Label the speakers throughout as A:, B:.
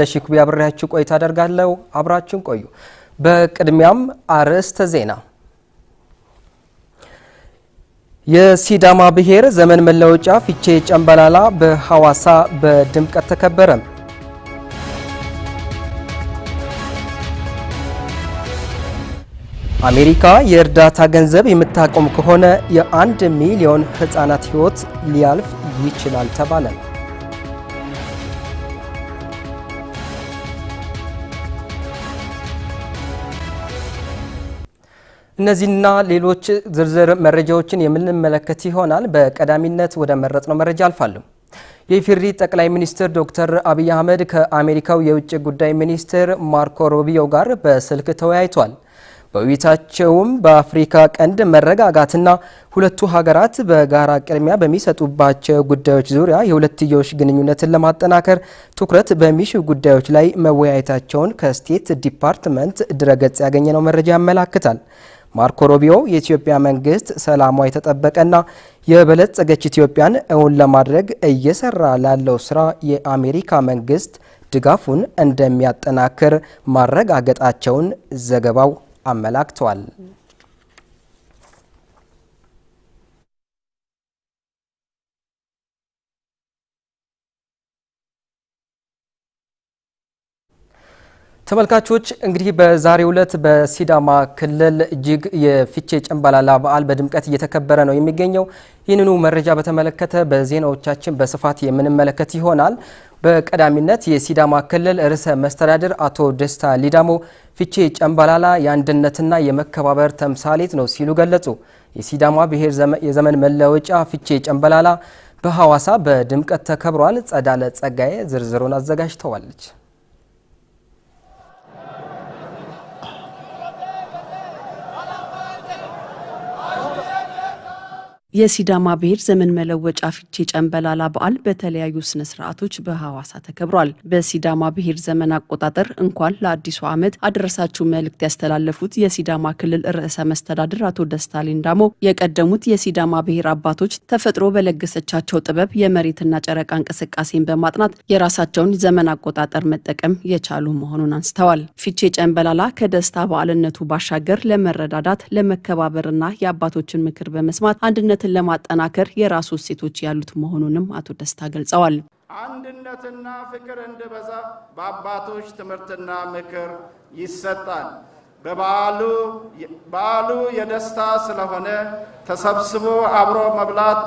A: ለሺኩቢ አብሬያችሁ ቆይታ አደርጋለሁ። አብራችሁን ቆዩ። በቅድሚያም አርዕስተ ዜና። የሲዳማ ብሔር ዘመን መለወጫ ፊቼ ጨምበላላ በሐዋሳ በድምቀት ተከበረ። አሜሪካ የእርዳታ ገንዘብ የምታቆም ከሆነ የአንድ ሚሊዮን ሕፃናት ሕይወት ሊያልፍ ይችላል ተባለ። እነዚህና ሌሎች ዝርዝር መረጃዎችን የምንመለከት ይሆናል። በቀዳሚነት ወደ መረጥነው መረጃ አልፋለሁ። የኢፌዴሪ ጠቅላይ ሚኒስትር ዶክተር አብይ አህመድ ከአሜሪካው የውጭ ጉዳይ ሚኒስትር ማርኮ ሮቢዮ ጋር በስልክ ተወያይቷል። በውይይታቸውም በአፍሪካ ቀንድ መረጋጋትና ሁለቱ ሀገራት በጋራ ቅድሚያ በሚሰጡባቸው ጉዳዮች ዙሪያ የሁለትዮሽ ግንኙነትን ለማጠናከር ትኩረት በሚሹ ጉዳዮች ላይ መወያየታቸውን ከስቴት ዲፓርትመንት ድረገጽ ያገኘነው መረጃ ያመላክታል። ማርኮ ሮቢዮ የኢትዮጵያ መንግስት ሰላሟ የተጠበቀና የበለጸገች ኢትዮጵያን እውን ለማድረግ እየሰራ ላለው ስራ የአሜሪካ መንግስት ድጋፉን እንደሚያጠናክር ማረጋገጣቸውን ዘገባው አመላክቷል። ተመልካቾች እንግዲህ በዛሬው ዕለት በሲዳማ ክልል እጅግ የፊቼ ጨምባላላ በዓል በድምቀት እየተከበረ ነው የሚገኘው። ይህንኑ መረጃ በተመለከተ በዜናዎቻችን በስፋት የምንመለከት ይሆናል። በቀዳሚነት የሲዳማ ክልል ርዕሰ መስተዳድር አቶ ደስታ ሊዳሞ ፊቼ ጨምባላላ የአንድነትና የመከባበር ተምሳሌት ነው ሲሉ ገለጹ። የሲዳማ ብሔር የዘመን መለወጫ ፊቼ ጨምባላላ በሐዋሳ በድምቀት ተከብሯል። ጸዳለ ጸጋዬ ዝርዝሩን አዘጋጅተዋለች። የሲዳማ ብሔር ዘመን መለወጫ ፊቼ ጨንበላላ በዓል በተለያዩ ስነ ስርዓቶች በሐዋሳ ተከብሯል። በሲዳማ ብሔር ዘመን አቆጣጠር እንኳን ለአዲሱ ዓመት አደረሳችሁ መልእክት ያስተላለፉት የሲዳማ ክልል ርዕሰ መስተዳድር አቶ ደስታ ሌዳሞ የቀደሙት የሲዳማ ብሔር አባቶች ተፈጥሮ በለገሰቻቸው ጥበብ የመሬትና ጨረቃ እንቅስቃሴን በማጥናት የራሳቸውን ዘመን አቆጣጠር መጠቀም የቻሉ መሆኑን አንስተዋል። ፊቼ ጨንበላላ ከደስታ በዓልነቱ ባሻገር ለመረዳዳት፣ ለመከባበርና የአባቶችን ምክር በመስማት አንድነት። አንድነትን ለማጠናከር የራሱ እሴቶች ያሉት መሆኑንም አቶ ደስታ ገልጸዋል።
B: አንድነትና ፍቅር እንዲበዛ በአባቶች ትምህርትና ምክር ይሰጣል። በበዓሉ የደስታ ስለሆነ ተሰብስቦ አብሮ መብላት፣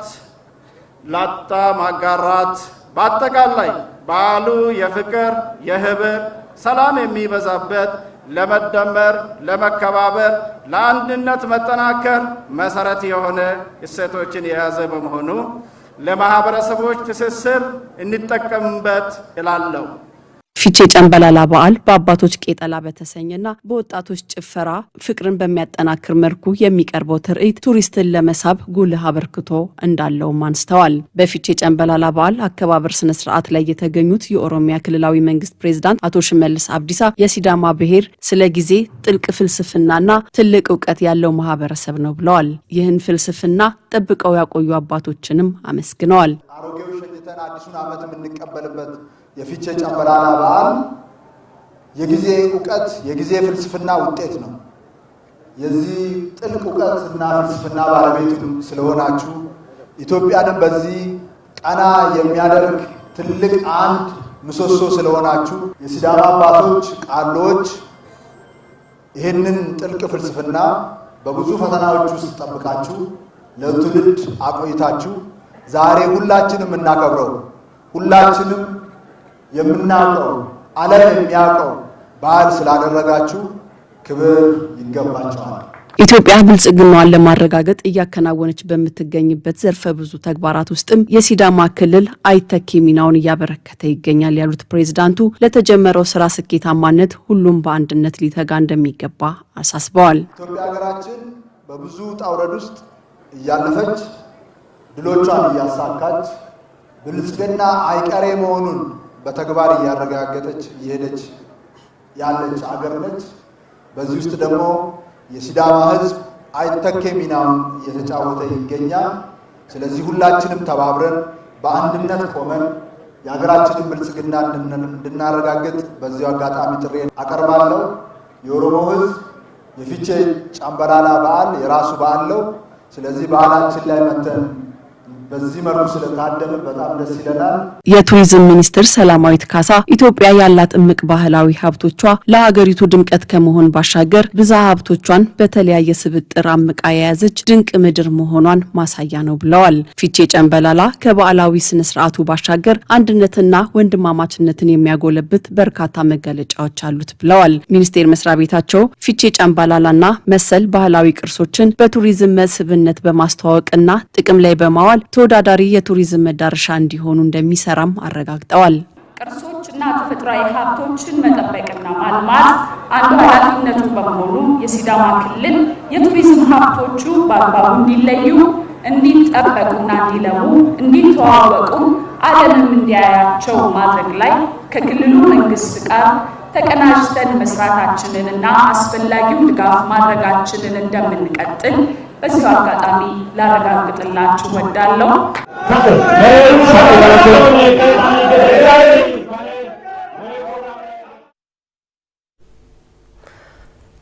B: ላጣ ማጋራት፣ በአጠቃላይ በዓሉ የፍቅር የህብር ሰላም የሚበዛበት ለመደመር፣ ለመከባበር፣ ለአንድነት መጠናከር መሰረት የሆነ እሴቶችን የያዘ በመሆኑ ለማህበረሰቦች ትስስር እንጠቀምበት እላለሁ።
A: ፊቼ ጨንበላላ በዓል በአባቶች ቄጠላ በተሰኘና በወጣቶች ጭፈራ ፍቅርን በሚያጠናክር መልኩ የሚቀርበው ትርኢት ቱሪስትን ለመሳብ ጉልህ አበርክቶ እንዳለውም አንስተዋል። በፊቼ ጨንበላላ በዓል አከባበር ስነ ስርዓት ላይ የተገኙት የኦሮሚያ ክልላዊ መንግስት ፕሬዝዳንት አቶ ሽመልስ አብዲሳ የሲዳማ ብሔር ስለ ጊዜ ጥልቅ ፍልስፍናና ትልቅ እውቀት ያለው ማህበረሰብ ነው ብለዋል። ይህን ፍልስፍና ጠብቀው ያቆዩ አባቶችንም አመስግነዋል።
C: አሮጌው ሸኝተን አዲሱን ዓመት የምንቀበልበት የፊቼ ጨምበላላ በዓል የጊዜ እውቀት የጊዜ ፍልስፍና ውጤት ነው። የዚህ ጥልቅ እውቀት እና ፍልስፍና ባለቤት ስለሆናችሁ ኢትዮጵያንም በዚህ ቀና የሚያደርግ ትልቅ አንድ ምሰሶ ስለሆናችሁ የሲዳማ አባቶች ቃሎች ይህንን ጥልቅ ፍልስፍና በብዙ ፈተናዎች ውስጥ ጠብቃችሁ ለትውልድ አቆይታችሁ ዛሬ ሁላችንም እናከብረው ሁላችንም የምናውቀው ዓለም የሚያውቀው ባህል ስላደረጋችሁ ክብር ይገባችኋል።
A: ኢትዮጵያ ብልጽግናዋን ለማረጋገጥ እያከናወነች በምትገኝበት ዘርፈ ብዙ ተግባራት ውስጥም የሲዳማ ክልል አይተኪ ሚናውን እያበረከተ ይገኛል ያሉት ፕሬዚዳንቱ ለተጀመረው ስራ ስኬታማነት ሁሉም በአንድነት ሊተጋ እንደሚገባ አሳስበዋል።
C: ኢትዮጵያ ሀገራችን በብዙ ጣውረድ ውስጥ እያለፈች ድሎቿን እያሳካች ብልጽግና አይቀሬ መሆኑን በተግባር እያረጋገጠች እየሄደች ያለች አገር ነች። በዚህ ውስጥ ደግሞ የሲዳማ ህዝብ አይተኬ ሚናም እየተጫወተ ይገኛል። ስለዚህ ሁላችንም ተባብረን በአንድነት ቆመን የሀገራችንን ብልጽግና እንድናረጋግጥ በዚሁ አጋጣሚ ጥሬን አቀርባለሁ። የኦሮሞ ህዝብ የፊቼ ጨምበላላ በዓል የራሱ በዓል ነው። ስለዚህ በዓላችን ላይ መተን በዚህ መልኩ በጣም ደስ ይለናል።
A: የቱሪዝም ሚኒስትር ሰላማዊት ካሳ ኢትዮጵያ ያላት እምቅ ባህላዊ ሀብቶቿ ለሀገሪቱ ድምቀት ከመሆን ባሻገር ብዛ ሀብቶቿን በተለያየ ስብጥር አምቃ የያዘች ድንቅ ምድር መሆኗን ማሳያ ነው ብለዋል። ፊቼ ጨንበላላ ከባህላዊ ስነ ስርዓቱ ባሻገር አንድነትና ወንድማማችነትን የሚያጎለብት በርካታ መገለጫዎች አሉት ብለዋል። ሚኒስቴር መስሪያ ቤታቸው ፊቼ ጨንበላላና መሰል ባህላዊ ቅርሶችን በቱሪዝም መስህብነት በማስተዋወቅና ጥቅም ላይ በማዋል ተወዳዳሪ የቱሪዝም መዳረሻ እንዲሆኑ እንደሚሰራም አረጋግጠዋል።
D: ቅርሶችና ተፈጥሯዊ ሀብቶችን መጠበቅና ማልማት አንዱ ኃላፊነቱ በመሆኑ የሲዳማ ክልል የቱሪዝም ሀብቶቹ በአግባቡ እንዲለዩ፣ እንዲጠበቁና እንዲለሙ፣ እንዲተዋወቁ ዓለምም እንዲያያቸው ማድረግ ላይ ከክልሉ መንግስት ጋር ተቀናጅተን መስራታችንን እና አስፈላጊውን ድጋፍ ማድረጋችንን እንደምንቀጥል በዚሁ አጋጣሚ ላረጋግጥላችሁ ወዳለው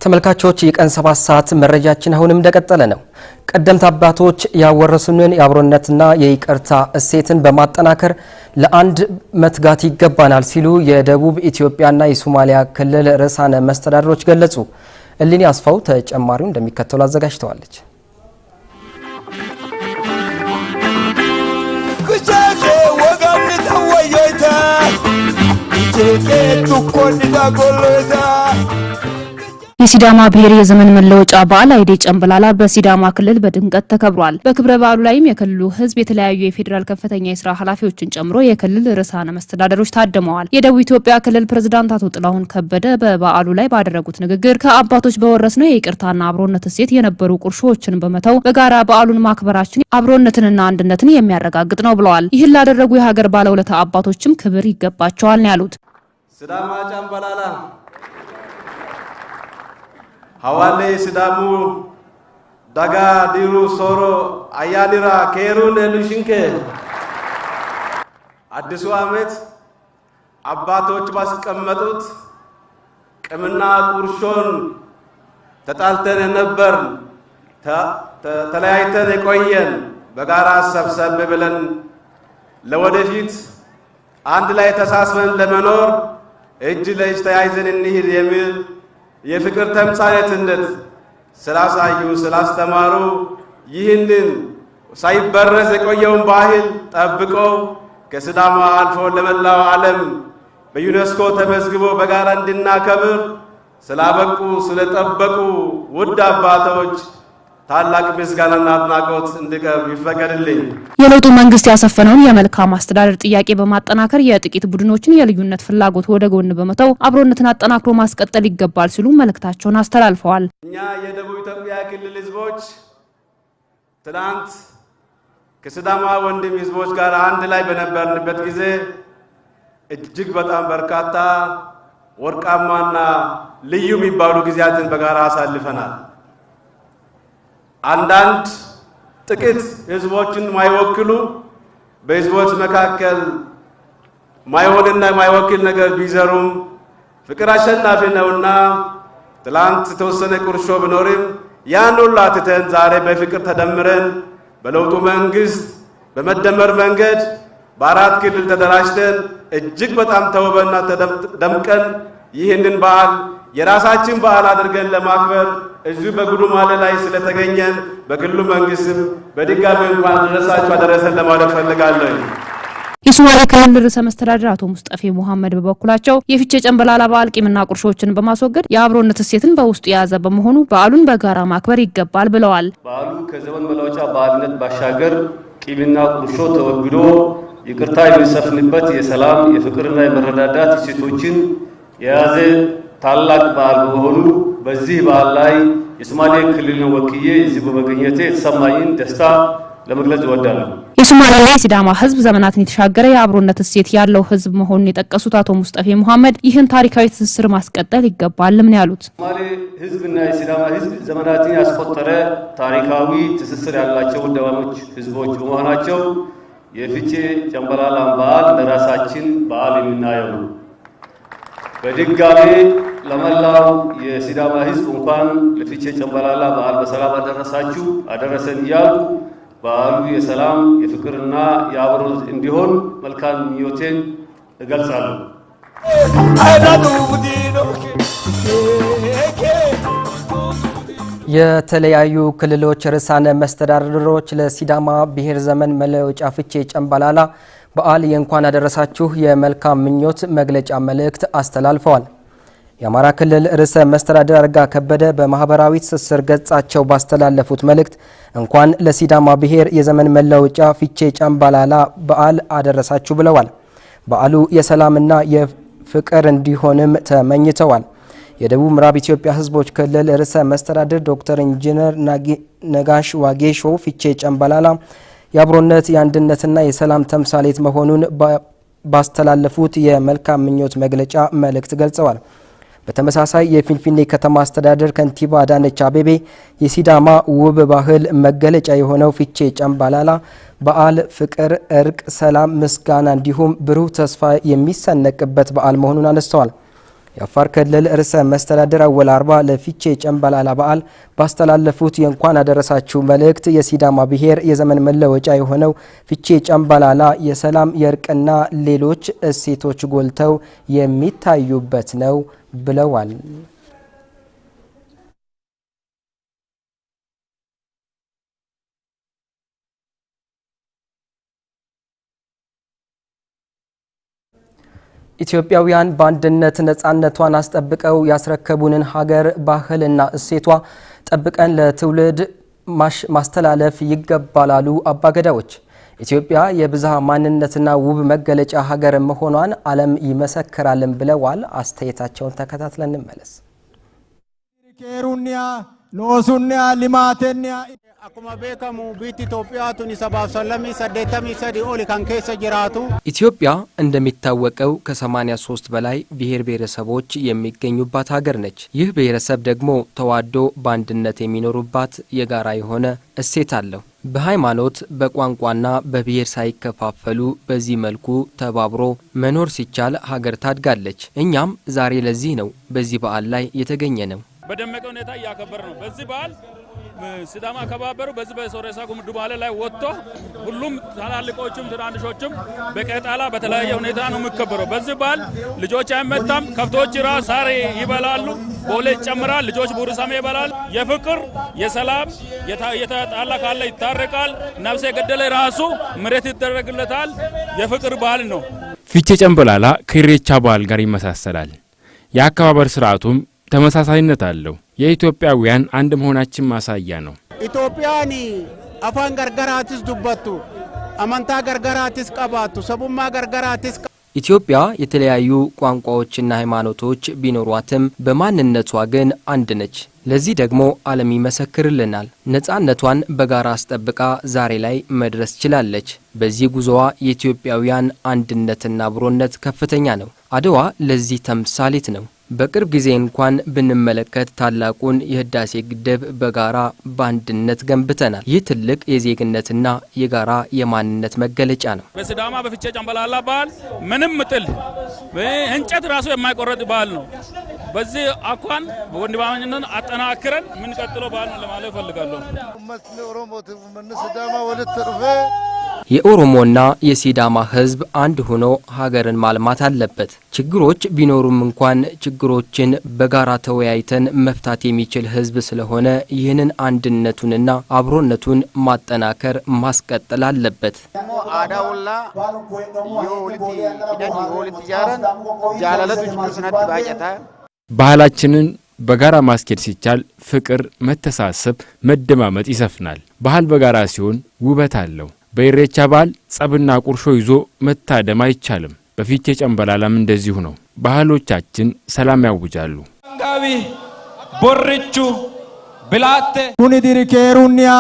A: ተመልካቾች የቀን ሰባት ሰዓት መረጃችን አሁንም እንደቀጠለ ነው። ቀደምት አባቶች ያወረሱንን የአብሮነትና የይቅርታ እሴትን በማጠናከር ለአንድ መትጋት ይገባናል ሲሉ የደቡብ ኢትዮጵያና የሶማሊያ ክልል ርዕሳነ መስተዳድሮች ገለጹ። እሊኒ አስፋው ተጨማሪው እንደሚከተሉ አዘጋጅተዋለች። የሲዳማ ብሔር የዘመን መለወጫ በዓል አይዴ ጨምበላላ በሲዳማ ክልል በድምቀት ተከብሯል። በክብረ በዓሉ ላይም የክልሉ ሕዝብ የተለያዩ የፌዴራል ከፍተኛ የስራ ኃላፊዎችን ጨምሮ የክልል ርዕሳነ መስተዳደሮች ታድመዋል። የደቡብ ኢትዮጵያ ክልል ፕሬዝዳንት አቶ ጥላሁን ከበደ በበዓሉ ላይ ባደረጉት ንግግር ከአባቶች በወረስነው የይቅርታና አብሮነት እሴት የነበሩ ቁርሾዎችን በመተው በጋራ በዓሉን ማክበራችን አብሮነትንና አንድነትን የሚያረጋግጥ ነው ብለዋል። ይህን ላደረጉ የሀገር ባለውለታ አባቶችም ክብር ይገባቸዋል ነው ያሉት።
E: ስዳማ ጫምባላላ! ሀዋሌ ስዳሙ ዳጋ ዲሩ ሶሮ አያኒራ ኬሩን ሉሽንኬ አዲሱ ዓመት አባቶች ባስቀመጡት ቅምና ቁርሾን ተጣልተን ነበር ተለያይተን የቆየን በጋራ ሰብሰብ ብለን ለወደፊት አንድ ላይ ተሳስበን ለመኖር እጅ ለእጅ ተያይዘን እንሂድ የሚል የፍቅር ተምሳሌትነት ስላሳዩ ስላስተማሩ ይህንን ሳይበረዝ የቆየውን ባህል ጠብቆ ከስዳማ አልፎ ለመላው ዓለም በዩኔስኮ ተመዝግቦ በጋራ እንድናከብር ስላበቁ ስለጠበቁ ውድ አባቶች ታላቅ ምስጋናና አድናቆት እንድቀርብ ይፈቀድልኝ።
A: የለውጡ መንግስት ያሰፈነውን የመልካም አስተዳደር ጥያቄ በማጠናከር የጥቂት ቡድኖችን የልዩነት ፍላጎት ወደ ጎን በመተው አብሮነትን አጠናክሮ ማስቀጠል ይገባል ሲሉ መልእክታቸውን አስተላልፈዋል።
E: እኛ የደቡብ ኢትዮጵያ ክልል ህዝቦች ትናንት ከስዳማ ወንድም ህዝቦች ጋር አንድ ላይ በነበርንበት ጊዜ እጅግ በጣም በርካታ ወርቃማና ልዩ የሚባሉ ጊዜያትን በጋራ አሳልፈናል። አንዳንድ ጥቂት ህዝቦችን ማይወክሉ በህዝቦች መካከል ማይሆንና ማይወክል ነገር ቢዘሩም ፍቅር አሸናፊ ነውና ትላንት የተወሰነ ቁርሾ ቢኖርም ያን ሁሉ አትተን ዛሬ በፍቅር ተደምረን በለውጡ መንግስት በመደመር መንገድ በአራት ክልል ተደራጅተን እጅግ በጣም ተውበና ደምቀን ይህንን በዓል የራሳችን በዓል አድርገን ለማክበር እዚሁ ማለ ላይ ስለተገኘን በክልሉ መንግስትም በድጋሚ እንኳን አደረሳችሁ አደረሰን ለማለት ፈልጋለሁ።
A: የሶማሌ ክልል ርዕሰ መስተዳድር አቶ ሙስጠፌ ሙሐመድ በበኩላቸው የፊቼ ጨንበላላ በዓል ቂምና ቁርሾችን በማስወገድ የአብሮነት እሴትን በውስጡ የያዘ በመሆኑ በዓሉን በጋራ ማክበር ይገባል ብለዋል።
E: በዓሉ ከዘመን መለወጫ በዓልነት ባሻገር ቂምና ቁርሾ ተወግዶ ይቅርታ የሚሰፍንበት የሰላም የፍቅርና የመረዳዳት እሴቶችን የያዘ ታላቅ በዓል በመሆኑ በዚህ በዓል ላይ የሶማሌ ክልልን ወክዬ እዚህ በመገኘቴ የተሰማኝን ደስታ ለመግለጽ እወዳለሁ።
A: የሶማሌና የሲዳማ ህዝብ ዘመናትን የተሻገረ የአብሮነት እሴት ያለው ህዝብ መሆኑን የጠቀሱት አቶ ሙስጠፌ መሐመድ ይህን ታሪካዊ ትስስር ማስቀጠል ይገባልም ነው ያሉት።
E: ሶማሌ ሕዝብና የሲዳማ ሕዝብ ዘመናትን ያስቆጠረ ታሪካዊ ትስስር ያላቸው ወንድማማች ሕዝቦች በመሆናቸው የፍቼ ጨምበላላን በዓል ለራሳችን በዓል የምናየው ነው። በድጋሜ ለመላው የሲዳማ ሕዝብ እንኳን ለፊቼ ጨምበላላ በዓል በሰላም አደረሳችሁ አደረሰን እያሉ በዓሉ የሰላም የፍቅርና የአብሮት እንዲሆን መልካም ምኞቴን እገልጻለሁ።
A: የተለያዩ ክልሎች ርዕሳነ መስተዳድሮች ለሲዳማ ብሔር ዘመን መለወጫ ፊቼ ጨምበላላ በዓል የእንኳን ያደረሳችሁ የመልካም ምኞት መግለጫ መልእክት አስተላልፈዋል። የአማራ ክልል ርዕሰ መስተዳድር አረጋ ከበደ በማህበራዊ ትስስር ገጻቸው ባስተላለፉት መልእክት እንኳን ለሲዳማ ብሔር የዘመን መለወጫ ፊቼ ጫምባላላ በዓል አደረሳችሁ ብለዋል። በዓሉ የሰላምና የፍቅር እንዲሆንም ተመኝተዋል። የደቡብ ምዕራብ ኢትዮጵያ ሕዝቦች ክልል ርዕሰ መስተዳድር ዶክተር ኢንጂነር ነጋሽ ዋጌሾ ፊቼ ጨምባላላ የአብሮነት የአንድነትና የሰላም ተምሳሌት መሆኑን ባስተላለፉት የመልካም ምኞት መግለጫ መልእክት ገልጸዋል። በተመሳሳይ የፊንፊኔ ከተማ አስተዳደር ከንቲባ አዳነች አቤቤ የሲዳማ ውብ ባህል መገለጫ የሆነው ፊቼ ጨምባላላ በዓል ፍቅር፣ እርቅ፣ ሰላም፣ ምስጋና እንዲሁም ብሩህ ተስፋ የሚሰነቅበት በዓል መሆኑን አነስተዋል። የአፋር ክልል ርዕሰ መስተዳድር አወል አርባ ለፊቼ ጨምበላላ በዓል ባስተላለፉት የእንኳን አደረሳችሁ መልእክት የሲዳማ ብሔር የዘመን መለወጫ የሆነው ፊቼ ጨምባላላ የሰላም የእርቅና ሌሎች እሴቶች ጎልተው የሚታዩበት ነው ብለዋል። ኢትዮጵያውያን በአንድነት ነፃነቷን አስጠብቀው ያስረከቡንን ሀገር ባህልና እሴቷ ጠብቀን ለትውልድ ማስተላለፍ ይገባል አሉ አባገዳዎች። ኢትዮጵያ የብዝሃ ማንነትና ውብ መገለጫ ሀገር መሆኗን ዓለም ይመሰክራልን ብለዋል። አስተያየታቸውን ተከታትለን እንመለስ።
F: akkuma
G: beekamu biitti Itoophiyaa
A: ኢትዮጵያ እንደሚታወቀው ከ83 በላይ ብሔር ብሔረሰቦች የሚገኙባት ሀገር ነች። ይህ ብሔረሰብ ደግሞ ተዋዶ በአንድነት የሚኖሩባት የጋራ የሆነ እሴት አለው። በሃይማኖት በቋንቋና በብሔር ሳይከፋፈሉ በዚህ መልኩ ተባብሮ መኖር ሲቻል ሀገር ታድጋለች። እኛም ዛሬ ለዚህ ነው በዚህ በዓል ላይ የተገኘ ነው።
H: በደመቀ ሁኔታ እያከበረ ነው። በዚህ በዓል ሲዳማ አከባበሩ በዚህ በሶሬሳ ጉምዱ ላይ ወጥቶ ሁሉም ታላልቆቹም ትናንሾቹም በቀጣላ በተለያየ ሁኔታ ነው የሚከበረው። በዚህ በዓል ልጆች አይመታም። ከብቶች ራ ሳር ይበላሉ፣ ቦሌ ይጨምራል፣ ልጆች ቡሩሳሜ ይበላል። የፍቅር የሰላም የተጣላ ካለ ይታረቃል። ነፍሰ የገደለ ራሱ ምሬት ይደረግለታል። የፍቅር በዓል ነው።
A: ፊቼ ጨምበላላ ከኢሬቻ በዓል ጋር ይመሳሰላል። የአከባበር ስርዓቱም ተመሳሳይነት አለው። የኢትዮጵያውያን አንድ መሆናችን ማሳያ ነው።
I: ኢትዮጵያኒ አፋን ገርገራትስ ዱበቱ አመንታ ገርገራትስ ቀባቱ ሰቡማ ገርገራትስ
A: ኢትዮጵያ የተለያዩ ቋንቋዎችና ሃይማኖቶች ቢኖሯትም በማንነቷ ግን አንድ ነች። ለዚህ ደግሞ ዓለም ይመሰክርልናል። ነፃነቷን በጋራ አስጠብቃ ዛሬ ላይ መድረስ ችላለች። በዚህ ጉዞዋ የኢትዮጵያውያን አንድነትና አብሮነት ከፍተኛ ነው። አድዋ ለዚህ ተምሳሌት ነው። በቅርብ ጊዜ እንኳን ብንመለከት ታላቁን የህዳሴ ግድብ በጋራ በአንድነት ገንብተናል። ይህ ትልቅ የዜግነትና የጋራ የማንነት መገለጫ ነው።
H: በስዳማ በፍቼ ጨምበላላ በዓል ምንም ጥል እንጨት ራሱ የማይቆረጥ በዓል ነው። በዚህ አኳን በወንድማማችነትን አጠናክረን የምንቀጥለው በዓል ነው ለማለት እፈልጋለሁ።
A: የኦሮሞና የሲዳማ ህዝብ አንድ ሆኖ ሀገርን ማልማት አለበት። ችግሮች ቢኖሩም እንኳን ችግሮችን በጋራ ተወያይተን መፍታት የሚችል ህዝብ ስለሆነ ይህንን አንድነቱንና አብሮነቱን ማጠናከር ማስቀጠል አለበት። ባህላችንን በጋራ ማስኬድ ሲቻል ፍቅር፣ መተሳሰብ፣ መደማመጥ ይሰፍናል። ባህል በጋራ ሲሆን ውበት አለው። በኢሬቻ በዓል ጸብና ቁርሾ ይዞ መታደም አይቻልም። በፊቼ ጨምበላላም እንደዚሁ ነው። ባህሎቻችን ሰላም ያውጃሉ።
I: ጋቢ ቦርቹ ብላቴ
F: ኩኒ ዲሪኬሩኒያ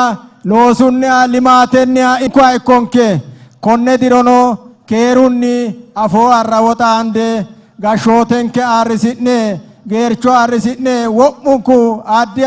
F: ሎሱኒያ ሊማቴኒያ ኢንኳ ኢኮንኬ ኮነ ዲሮኖ ኬሩኒ አፎ አራወጣ አንዴ ጋሾቴንኬ አርሲኔ ጌርቾ አርሲኔ ወሙንኩ አዲ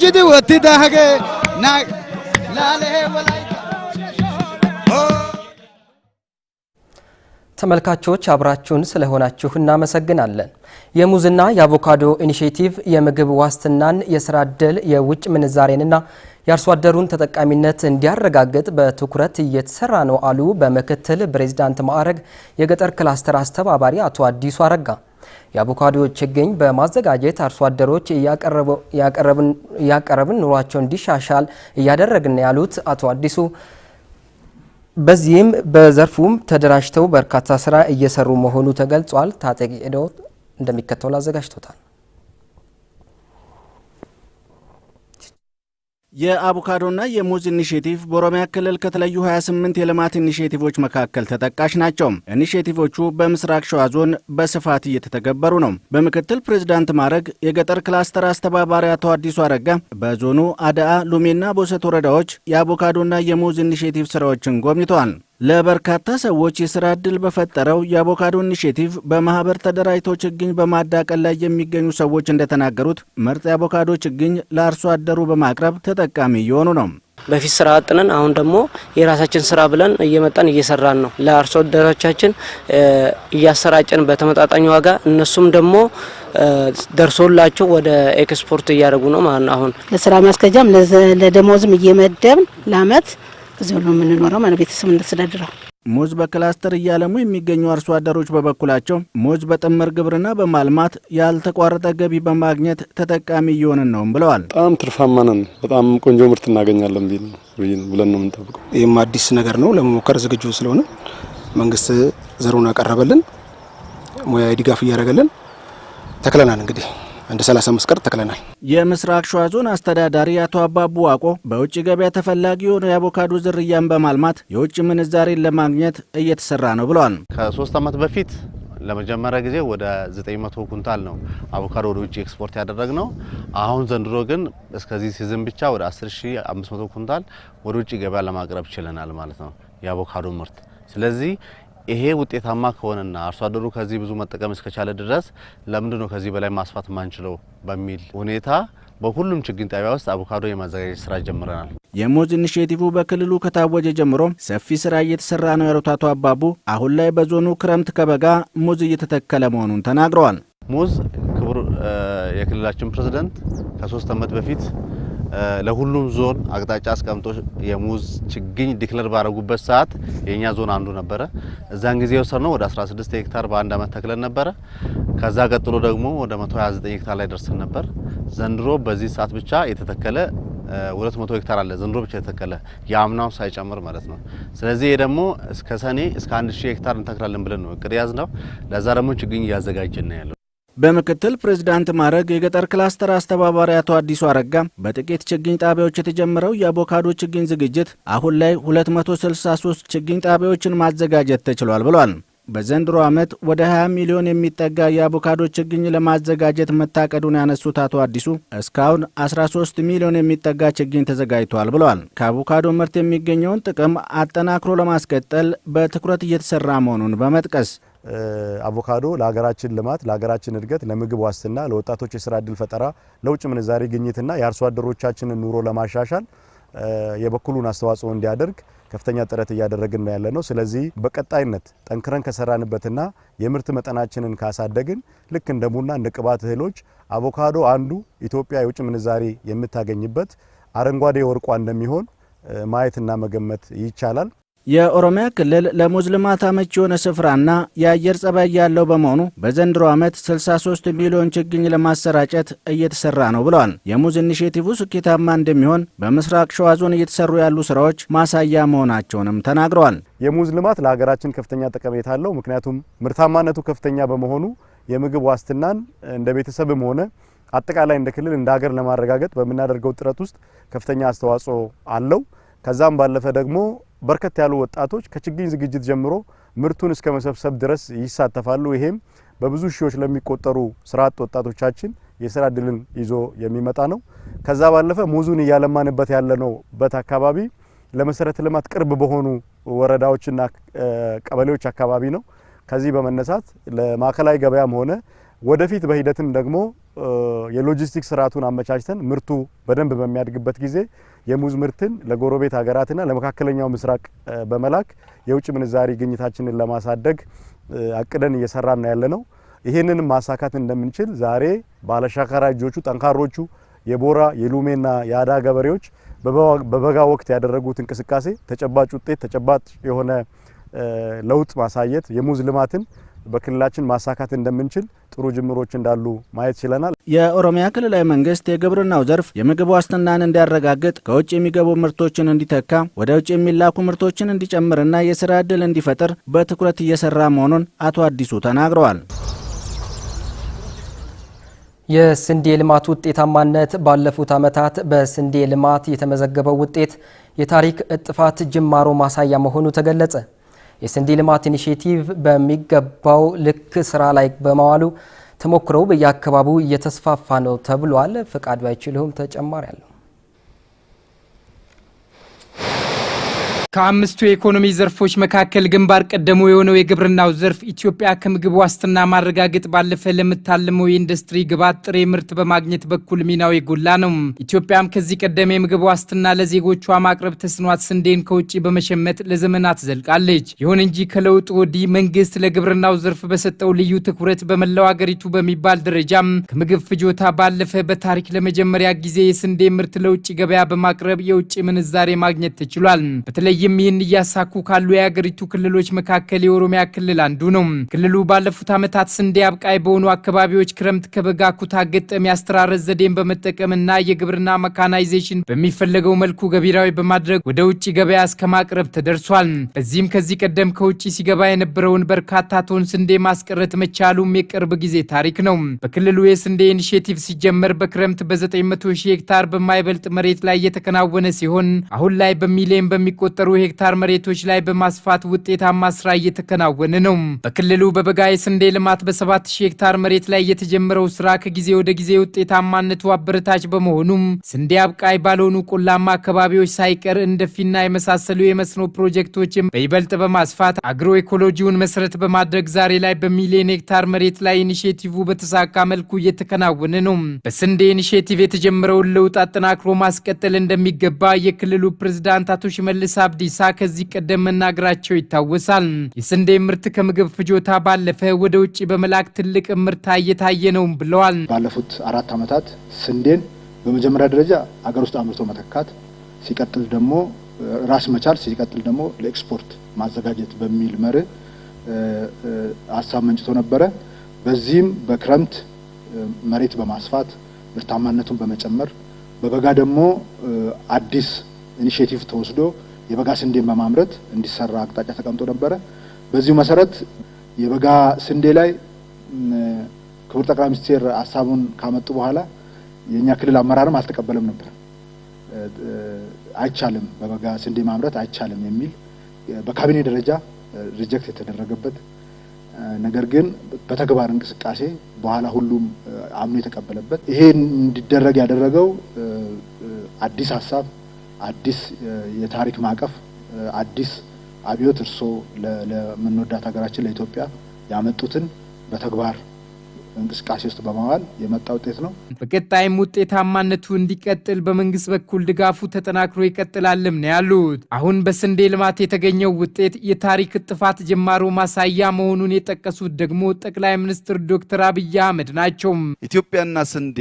I: ಮುಂಜಿದು ಒತ್ತಿದ ಹಾಗೆ
A: ተመልካቾች አብራችሁን ስለሆናችሁ እናመሰግናለን። የሙዝና የአቮካዶ ኢኒሽቲቭ የምግብ ዋስትናን፣ የስራ የውጭ ምንዛሬንና የአርሶ አደሩን ተጠቃሚነት እንዲያረጋግጥ በትኩረት እየተሰራ ነው አሉ በምክትል ፕሬዚዳንት ማዕረግ የገጠር ክላስተር አስተባባሪ አቶ አዲሱ አረጋ። የአቮካዶ ችግኝ በማዘጋጀት አርሶ አደሮች እያቀረብን ኑሯቸው እንዲሻሻል እያደረግን ያሉት አቶ አዲሱ በዚህም በዘርፉም ተደራጅተው በርካታ ስራ እየሰሩ መሆኑ ተገልጿል። ታጠቂ ሄደው እንደሚከተሉ አዘጋጅቶታል። የአቮካዶና የሙዝ ኢኒሽቲቭ በኦሮሚያ ክልል ከተለዩ 28 የልማት ኢኒሽቲቮች መካከል ተጠቃሽ ናቸው። ኢኒሽቲቮቹ በምስራቅ ሸዋ ዞን በስፋት እየተተገበሩ ነው። በምክትል ፕሬዝዳንት ማዕረግ የገጠር ክላስተር አስተባባሪ አቶ አዲሱ አረጋ በዞኑ አዳአ፣ ሉሜና ቦሰት ወረዳዎች የአቮካዶና የሙዝ ኢኒሽቲቭ ስራዎችን ጎብኝተዋል። ለበርካታ ሰዎች የስራ ዕድል በፈጠረው የአቮካዶ ኢኒሽቲቭ በማህበር ተደራጅቶ ችግኝ በማዳቀል ላይ የሚገኙ ሰዎች እንደተናገሩት ምርጥ የአቮካዶ ችግኝ ለአርሶ አደሩ በማቅረብ ተጠቃሚ እየሆኑ ነው።
J: በፊት ስራ አጥነን አሁን ደግሞ የራሳችን ስራ ብለን እየመጣን እየሰራን ነው። ለአርሶ አደሮቻችን እያሰራጨን በተመጣጣኝ ዋጋ እነሱም ደግሞ ደርሶላቸው ወደ ኤክስፖርት እያደረጉ ነው ማለት ነው። አሁን
K: ለስራ ማስኬጃም ለደሞዝም እየመደብን ለአመት እዚሁ ነው የምንኖረው ማለት ቤተሰብ እንዳስተዳድረው።
A: ሙዝ በክላስተር እያለሙ የሚገኙ አርሶ አደሮች በበኩላቸው ሙዝ በጥምር ግብርና በማልማት ያልተቋረጠ ገቢ በማግኘት ተጠቃሚ እየሆንን ነውም ብለዋል።
L: በጣም ትርፋማ ነን፣ በጣም ቆንጆ ምርት እናገኛለን ብለን ነው የምንጠብቀው። ይህም አዲስ ነገር ነው፣ ለመሞከር ዝግጁ ስለሆነ መንግስት ዘሩን አቀረበልን፣ ሙያዊ ድጋፍ እያደረገልን ተክለናል እንግዲህ እንደ 35 ቀር ተክለናል።
A: የምስራቅ ሸዋ ዞን አስተዳዳሪ አቶ አባቡ ዋቆ በውጭ ገበያ ተፈላጊ የሆነ የአቮካዶ ዝርያን በማልማት የውጭ ምንዛሬን ለማግኘት እየተሰራ ነው ብለዋል።
L: ከሶስት ዓመት በፊት ለመጀመሪያ ጊዜ ወደ 900 ኩንታል ነው አቮካዶ ወደ ውጭ ኤክስፖርት ያደረግ ነው። አሁን ዘንድሮ ግን እስከዚህ ሲዝን ብቻ ወደ 10500 ኩንታል ወደ ውጭ ገበያ ለማቅረብ ችለናል ማለት ነው የአቮካዶ ምርት። ስለዚህ ይሄ ውጤታማ ከሆነና አርሶ አደሩ ከዚህ ብዙ መጠቀም እስከቻለ ድረስ ለምንድን ነው ከዚህ በላይ ማስፋት ማንችለው በሚል ሁኔታ በሁሉም ችግኝ ጣቢያ ውስጥ አቮካዶ የማዘጋጀት ስራ ጀምረናል።
A: የሞዝ ኢኒሽቲቭ በክልሉ ከታወጀ ጀምሮ ሰፊ ስራ እየተሰራ ነው ያሉት አቶ አባቡ አሁን ላይ በዞኑ ክረምት ከበጋ ሙዝ እየተተከለ መሆኑን ተናግረዋል።
L: ሙዝ ክቡር የክልላችን ፕሬዝደንት ከሶስት ዓመት በፊት ለሁሉም ዞን አቅጣጫ አስቀምጦ የሙዝ ችግኝ ዲክለር ባደረጉበት ሰዓት የኛ ዞን አንዱ ነበረ። እዛን ጊዜ የወሰድነው ወደ 16 ሄክታር በአንድ አመት ተክለን ነበረ። ከዛ ቀጥሎ ደግሞ ወደ 129 ሄክታር ላይ ደርሰን ነበር። ዘንድሮ በዚህ ሰዓት ብቻ የተተከለ 200 ሄክታር አለ ዘንድሮ ብቻ የተተከለ የአምናው ሳይጨምር ማለት ነው። ስለዚህ ይሄ ደግሞ እስከ ሰኔ እስከ 1000 ሄክታር እንተክላለን ብለን ነው እቅድ ያዝ ነው። ለዛ ደግሞ ችግኝ እያዘጋጀን ነው ያለው።
A: በምክትል ፕሬዝዳንት ማዕረግ የገጠር ክላስተር አስተባባሪ አቶ አዲሱ አረጋ በጥቂት ችግኝ ጣቢያዎች የተጀመረው የአቮካዶ ችግኝ ዝግጅት አሁን ላይ 263 ችግኝ ጣቢያዎችን ማዘጋጀት ተችሏል ብሏል። በዘንድሮ ዓመት ወደ 20 ሚሊዮን የሚጠጋ የአቮካዶ ችግኝ ለማዘጋጀት መታቀዱን ያነሱት አቶ አዲሱ እስካሁን 13 ሚሊዮን የሚጠጋ ችግኝ ተዘጋጅቷል ብለዋል። ከአቮካዶ ምርት የሚገኘውን ጥቅም አጠናክሮ ለማስቀጠል በትኩረት እየተሰራ መሆኑን በመጥቀስ
M: አቮካዶ ለሀገራችን ልማት፣ ለሀገራችን እድገት፣ ለምግብ ዋስትና፣ ለወጣቶች የስራ እድል ፈጠራ፣ ለውጭ ምንዛሬ ግኝትና የአርሶ አደሮቻችንን ኑሮ ለማሻሻል የበኩሉን አስተዋጽኦ እንዲያደርግ ከፍተኛ ጥረት እያደረግን ነው ያለነው። ስለዚህ በቀጣይነት ጠንክረን ከሰራንበትና የምርት መጠናችንን ካሳደግን ልክ እንደ ቡና እንደ ቅባት እህሎች አቮካዶ አንዱ ኢትዮጵያ የውጭ ምንዛሬ የምታገኝበት አረንጓዴ ወርቋ እንደሚሆን ማየትና መገመት ይቻላል።
A: የኦሮሚያ ክልል ለሙዝ ልማት አመች የሆነ ስፍራና የአየር ጸባይ ያለው በመሆኑ በዘንድሮ ዓመት 63 ሚሊዮን ችግኝ ለማሰራጨት እየተሰራ ነው ብለዋል። የሙዝ ኢኒሽቲቭ ስኬታማ እንደሚሆን በምስራቅ ሸዋ ዞን እየተሰሩ ያሉ ስራዎች ማሳያ መሆናቸውንም ተናግረዋል።
M: የሙዝ ልማት ለሀገራችን ከፍተኛ ጠቀሜታ አለው። ምክንያቱም ምርታማነቱ ከፍተኛ በመሆኑ የምግብ ዋስትናን እንደ ቤተሰብም ሆነ አጠቃላይ እንደ ክልል እንደ ሀገር ለማረጋገጥ በምናደርገው ጥረት ውስጥ ከፍተኛ አስተዋጽኦ አለው። ከዛም ባለፈ ደግሞ በርከት ያሉ ወጣቶች ከችግኝ ዝግጅት ጀምሮ ምርቱን እስከ መሰብሰብ ድረስ ይሳተፋሉ። ይሄም በብዙ ሺዎች ለሚቆጠሩ ስራ አጥ ወጣቶቻችን የስራ እድልን ይዞ የሚመጣ ነው። ከዛ ባለፈ ሙዙን እያለማንበት ያለንበት አካባቢ ለመሰረተ ልማት ቅርብ በሆኑ ወረዳዎችና ቀበሌዎች አካባቢ ነው። ከዚህ በመነሳት ለማዕከላዊ ገበያም ሆነ ወደፊት በሂደትም ደግሞ የሎጂስቲክ ስርዓቱን አመቻችተን ምርቱ በደንብ በሚያድግበት ጊዜ የሙዝ ምርትን ለጎረቤት ሀገራትና ለመካከለኛው ምስራቅ በመላክ የውጭ ምንዛሪ ግኝታችንን ለማሳደግ አቅደን እየሰራን ነው ያለነው። ይህንንም ማሳካት እንደምንችል ዛሬ ባለሻካራ እጆቹ ጠንካሮቹ የቦራ የሉሜና የአዳ ገበሬዎች በበጋ ወቅት ያደረጉት እንቅስቃሴ ተጨባጭ ውጤት ተጨባጭ የሆነ ለውጥ ማሳየት የሙዝ ልማትን በክልላችን ማሳካት እንደምንችል ጥሩ ጅምሮች እንዳሉ ማየት ችለናል።
A: የኦሮሚያ ክልላዊ መንግስት የግብርናው ዘርፍ የምግብ ዋስትናን እንዲያረጋግጥ ከውጭ የሚገቡ ምርቶችን እንዲተካ፣ ወደ ውጭ የሚላኩ ምርቶችን እንዲጨምርና የስራ ዕድል እንዲፈጥር በትኩረት እየሰራ መሆኑን አቶ አዲሱ ተናግረዋል። የስንዴ ልማት ውጤታማነት ባለፉት ዓመታት በስንዴ ልማት የተመዘገበው ውጤት የታሪክ እጥፋት ጅማሮ ማሳያ መሆኑ ተገለጸ። የስንዴ ልማት ኢኒሽቲቭ በሚገባው ልክ ስራ ላይ በማዋሉ ተሞክረው በየአካባቢው እየተስፋፋ ነው ተብሏል። ፈቃዱ አይችልም ተጨማሪ አለው። ከአምስቱ የኢኮኖሚ ዘርፎች መካከል ግንባር ቀደሙ የሆነው የግብርናው ዘርፍ ኢትዮጵያ ከምግብ ዋስትና ማረጋገጥ ባለፈ ለምታልመው የኢንዱስትሪ ግብዓት ጥሬ ምርት በማግኘት በኩል ሚናው የጎላ ነው። ኢትዮጵያም ከዚህ ቀደም የምግብ ዋስትና ለዜጎቿ ማቅረብ ተስኗት ስንዴን ከውጭ በመሸመት ለዘመናት ዘልቃለች። ይሁን እንጂ ከለውጡ ወዲህ መንግስት ለግብርናው ዘርፍ በሰጠው ልዩ ትኩረት በመላው አገሪቱ በሚባል ደረጃም ከምግብ ፍጆታ ባለፈ በታሪክ ለመጀመሪያ ጊዜ የስንዴ ምርት ለውጭ ገበያ በማቅረብ የውጭ ምንዛሬ ማግኘት ተችሏል። በተለይ በተለይም ይህን እያሳኩ ካሉ የአገሪቱ ክልሎች መካከል የኦሮሚያ ክልል አንዱ ነው። ክልሉ ባለፉት ዓመታት ስንዴ አብቃይ በሆኑ አካባቢዎች ክረምት ከበጋ ኩታ ገጠም ዘዴን ዘዴን በመጠቀምና የግብርና መካናይዜሽን በሚፈለገው መልኩ ገቢራዊ በማድረግ ወደ ውጭ ገበያ እስከ ማቅረብ ተደርሷል። በዚህም ከዚህ ቀደም ከውጭ ሲገባ የነበረውን በርካታ ቶን ስንዴ ማስቀረት መቻሉም የቅርብ ጊዜ ታሪክ ነው። በክልሉ የስንዴ ኢኒሽቲቭ ሲጀመር በክረምት በ900 ሺህ ሄክታር በማይበልጥ መሬት ላይ የተከናወነ ሲሆን አሁን ላይ በሚሊየን በሚቆጠሩ ሄክታር መሬቶች ላይ በማስፋት ውጤታማ ስራ እየተከናወነ ነው። በክልሉ በበጋ የስንዴ ልማት በ7000 ሄክታር መሬት ላይ የተጀመረው ስራ ከጊዜ ወደ ጊዜ ውጤታማነቱ አበረታች በመሆኑም ስንዴ አብቃይ ባልሆኑ ቆላማ አካባቢዎች ሳይቀር እንደ ፊና የመሳሰሉ የመስኖ ፕሮጀክቶችን በይበልጥ በማስፋት አግሮ ኢኮሎጂውን መሰረት በማድረግ ዛሬ ላይ በሚሊዮን ሄክታር መሬት ላይ ኢኒሽቲቭ በተሳካ መልኩ እየተከናወነ ነው። በስንዴ ኢኒሽቲቭ የተጀመረውን ለውጥ አጠናክሮ ማስቀጠል እንደሚገባ የክልሉ ፕሬዝዳንት አቶ ሽመልስ አብዲ ሀዲሳ ከዚህ ቀደም መናገራቸው ይታወሳል። የስንዴ ምርት ከምግብ ፍጆታ ባለፈ ወደ ውጭ በመላክ ትልቅ ምርታ እየታየ ነው ብለዋል።
N: ባለፉት አራት ዓመታት ስንዴን በመጀመሪያ ደረጃ አገር ውስጥ አምርቶ መተካት፣ ሲቀጥል ደግሞ ራስ መቻል፣ ሲቀጥል ደግሞ ለኤክስፖርት ማዘጋጀት በሚል መርህ ሀሳብ መንጭቶ ነበረ። በዚህም በክረምት መሬት በማስፋት ምርታማነቱን በመጨመር በበጋ ደግሞ አዲስ ኢኒሽቲቭ ተወስዶ የበጋ ስንዴን በማምረት እንዲሰራ አቅጣጫ ተቀምጦ ነበረ። በዚሁ መሰረት የበጋ ስንዴ ላይ ክቡር ጠቅላይ ሚኒስቴር ሀሳቡን ካመጡ በኋላ የእኛ ክልል አመራርም አልተቀበለም ነበር። አይቻልም፣ በበጋ ስንዴ ማምረት አይቻልም የሚል በካቢኔ ደረጃ ሪጀክት የተደረገበት ነገር ግን በተግባር እንቅስቃሴ በኋላ ሁሉም አምኖ የተቀበለበት ይሄ እንዲደረግ ያደረገው አዲስ ሀሳብ አዲስ የታሪክ ማዕቀፍ አዲስ አብዮት እርሶ ለምንወዳት ሀገራችን ለኢትዮጵያ ያመጡትን በተግባር እንቅስቃሴ ውስጥ በማዋል የመጣ ውጤት ነው።
A: በቀጣይም ውጤታማነቱ እንዲቀጥል በመንግስት በኩል ድጋፉ ተጠናክሮ ይቀጥላልም ነው ያሉት። አሁን በስንዴ ልማት የተገኘው ውጤት የታሪክ ጥፋት ጅማሮ ማሳያ መሆኑን የጠቀሱት ደግሞ ጠቅላይ ሚኒስትር ዶክተር አብይ አህመድ ናቸው።
O: ኢትዮጵያና ስንዴ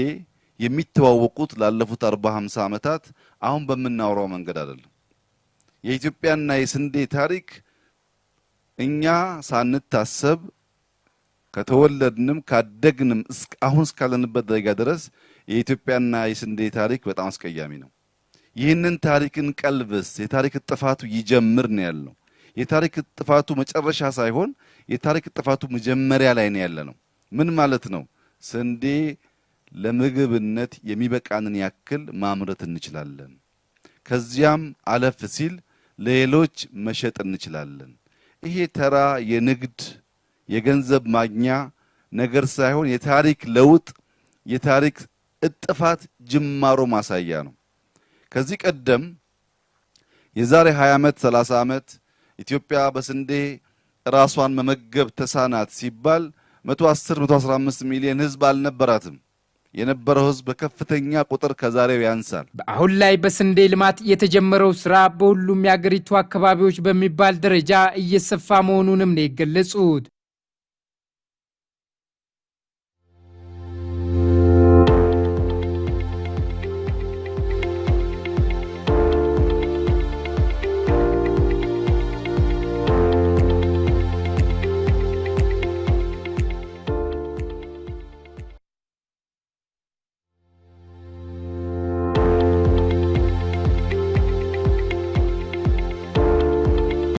O: የሚተዋወቁት ላለፉት 40 50 ዓመታት አሁን በምናወራው መንገድ አይደለም። የኢትዮጵያና የስንዴ ታሪክ እኛ ሳንታሰብ ከተወለድንም ካደግንም አሁን እስካለንበት ደረጃ ድረስ የኢትዮጵያና የስንዴ ታሪክ በጣም አስቀያሚ ነው። ይህንን ታሪክን ቀልብስ የታሪክ ጥፋቱ ይጀምር ነው ያለው። የታሪክ ጥፋቱ መጨረሻ ሳይሆን የታሪክ ጥፋቱ መጀመሪያ ላይ ነው ያለ ነው። ምን ማለት ነው? ስንዴ ለምግብነት የሚበቃንን ያክል ማምረት እንችላለን። ከዚያም አለፍ ሲል ለሌሎች መሸጥ እንችላለን። ይሄ ተራ የንግድ የገንዘብ ማግኛ ነገር ሳይሆን የታሪክ ለውጥ የታሪክ እጥፋት ጅማሮ ማሳያ ነው። ከዚህ ቀደም የዛሬ 20 ዓመት 30 ዓመት ኢትዮጵያ በስንዴ ራሷን መመገብ ተሳናት ሲባል 110 115 ሚሊዮን ሕዝብ አልነበራትም። የነበረው ህዝብ በከፍተኛ ቁጥር ከዛሬው ያንሳል።
A: አሁን ላይ በስንዴ ልማት የተጀመረው ስራ በሁሉም የአገሪቱ አካባቢዎች በሚባል ደረጃ እየሰፋ መሆኑንም ነው የገለጹት።